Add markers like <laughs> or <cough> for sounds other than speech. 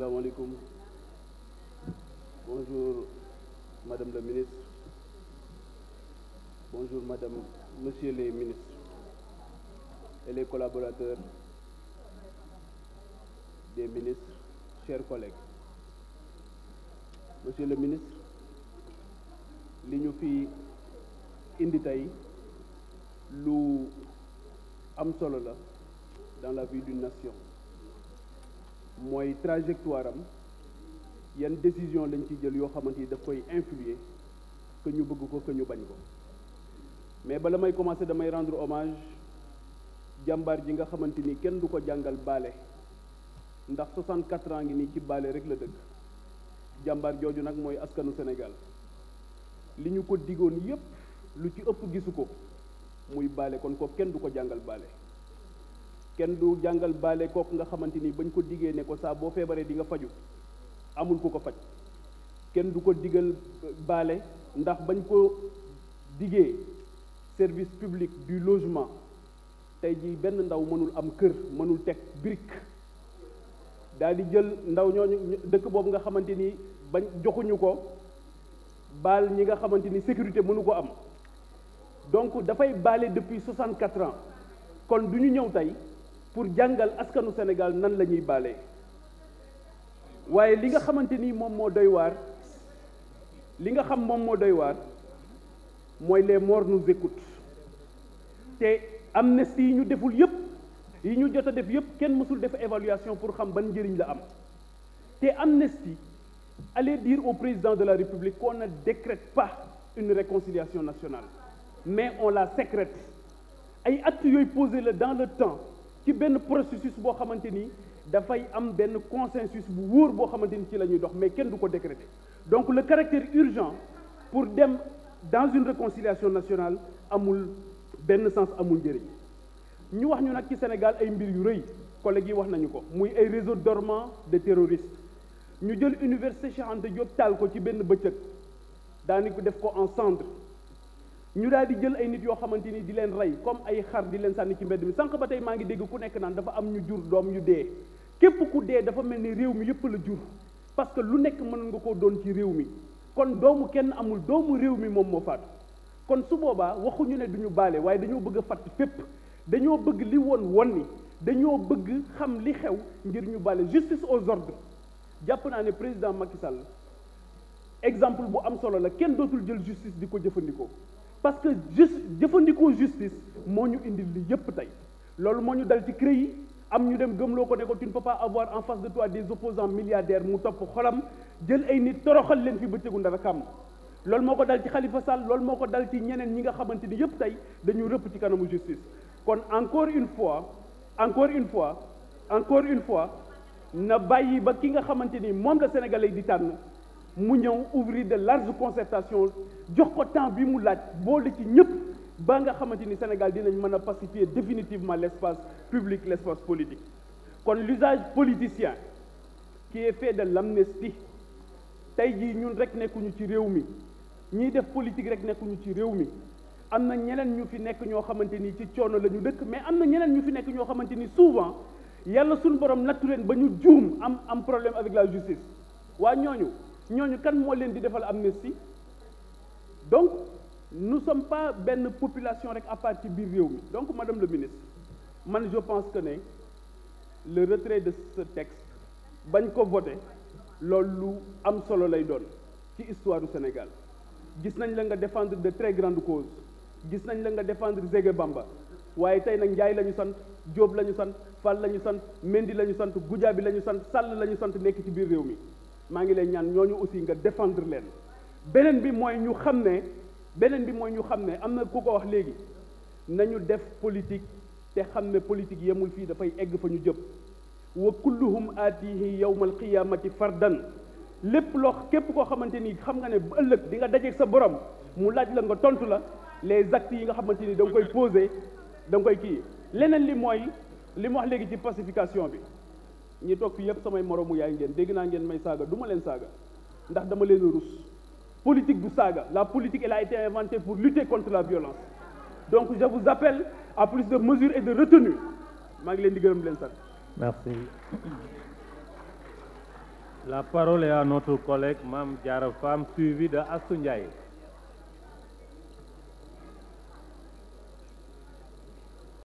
Asalaamaaleykum. Bonjour, Madame la Ministre. Bonjour, Madame, Monsieur les ministres et les collaborateurs de ministres, chers collègues. Monsieur le ministre, li ñu fi indi tey lu am solo la dans la vie d'une nation. mooy trajectoire am yan décision lañ ci jël yoo xamante ni daf koy influer que ñu bëgg ko que ñu bañ ko mais bala may commencer damay rendre hommage jàmbaar ji nga xamante ni kenn du ko jàngal baale ndax 64 ans ngi nii ci baale rek la dëkk jàmbaar jooju nag mooy askanu Sénégal li ñu ko digoon yépp lu ci ëpp gisu ko muy baale kon ko kenn du ko jàngal baale kenn du jàngal baale kooku nga xamante ni bañ koo diggee ne ko saa boo feebaree di nga faju amul ku ko faj kenn du ko digal baale ndax bañ ko diggee service public du logement tey jii benn ndaw mënul am kër mënul teg brique daal di jël ndaw ñooñu dëkk boobu nga xamante ni bañ joxuñu ko baal ñi nga xamante ni sécurité mënu ko am donc dafay bale baale depuis quatre ans kon du ñu ñëw tey pour jàngal askanu Sénégal nan la ñuy baalee waaye li nga xamante ni moom moo doy waar li nga xam moom moo doy waar mooy les morts nous écoutent te amnistie yi ñu deful yépp yi ñu jot a def yépp kenn mësul def évaluation pour xam ban njëriñ la am te amnistie allez dire au président de la République qu'on ne décrète pas une réconciliation nationale mais on la sécrète ay actes yooyu posé la dans le temps ci benn processus boo xamante ni dafay am benn consensus bu wóor boo xamante ni ci la ñuy dox mais kenn du ko décréter donc le caractère urgent pour dem dans une réconciliation nationale amul benn sens amul njëriñ ñu wax ñu nag ci Sénégal ay mbir yu rëy collègues yi wax nañu ko muy ay réseau dormant de terroristes ñu jël université Cheikh Anta taal ko ci benn bëccëg daani ko def ko en cendre ñu daal di jël ay nit yoo xamante ni di leen rey comme ay xar di leen sànni ci mbedd mi sànq ba tey maa ngi dégg ku nekk naan dafa am ñu jur doom yu dee képp ku dee dafa mel ni réew mi yëpp la jur parce que lu nekk mën nga koo doon ci réew mi kon doomu kenn amul doomu réew mi moom moo faatu kon su boobaa waxuñu ne duñu baale waaye dañoo bëgg a fàtt fépp dañoo bëgg li woon woon ni dañoo bëgg xam li xew ngir ñu baale justice aux ordres jàpp naa ne président Macky Sall exemple bu am solo la kenn dootul jël justice di ko jëfandikoo parce que juste jëfandikoo justice moo ñu indi li yépp tey loolu moo ñu dal ci CREI am ñu dem gëmloo ko ne ko tu ne peux pas avoir en face de toi des opposants milliardaires mu topp xolam jël ay nit toroxal leen fi bëccëgu ndara kàmm loolu moo ko dal ci xalifa Sall loolu moo ko dal ci ñeneen ñi nga xamante ni yépp tey dañu rëpp ci kanamu justice kon encore une fois encore une fois encore une fois na bàyyi ba ki nga xamante ni moom la sénégalais di tànn mu ñëw ouvrir de large concertation jox ko temps bi mu laaj boole ci ñëpp ba nga xamante ni Sénégal dinañ mën a pacifier définitivement l' espace public l' espace politique kon l'usage politicien qui est fait de l' amnistie tey jii ñun rek nekkuñu ci réew mi ñiy def politique rek nekkuñu ci réew mi am na ñeneen ñu fi nekk ñoo xamante ni ci coono la ñu dëkk mais am na ñeneen ñu fi nekk ñoo xamante ni souvent yàlla suñu borom nattu leen ba ñu juum am am problème avec la waa ñooñu ñooñu kan moo leen di defal amnistie donc nous sommes pas benn population rek à part ci biir réew mi donc madame le ministre man je pense que ne le retrait de ce texte bañ ko voté loolu lu am solo lay doon ci histoire du Sénégal gis nañ la nga défendre de très grande causes gis nañ la nga défendre Zégué Bamba waaye tey nag Njaay la ñu sant Jóob lañu sant Fall la ñu sant Mendi la ñu sant Goudiaby la ñu sant Sall la ñu sant nekk ci biir réew mi maa ngi leen ñaan ñooñu aussi nga défendre leen beneen bi mooy ñu xam ne beneen bi mooy ñu xam ne am na ku ko wax léegi nañu def politique te xam ne politique yemul fii dafay egg fa ñu jëm wa kulluhum aatihi yawma alqiyamati fardan lépp loo képp koo xamante ni xam nga ne bu ëllëg di nga dajeeg sa borom mu laaj la nga tontu la les actes yi nga xamante ni da koy <laughs> posé da nga koy kii leneen li mooy li mu wax léegi ci pacification bi ñi toog fi yëpp samay moromu yaay ngeen dégg naa ngeen may saaga du ma leen saaga ndax dama leen rus politique du saaga la politique elle a été inventée pour lutter contre la violence donc je vous appelle à plus de mesures et de retenue maa ngi leen di gërëm leen sant. merci la parole est à notre collègue Mame Diarra Fam suivi de Assou Ndiaye.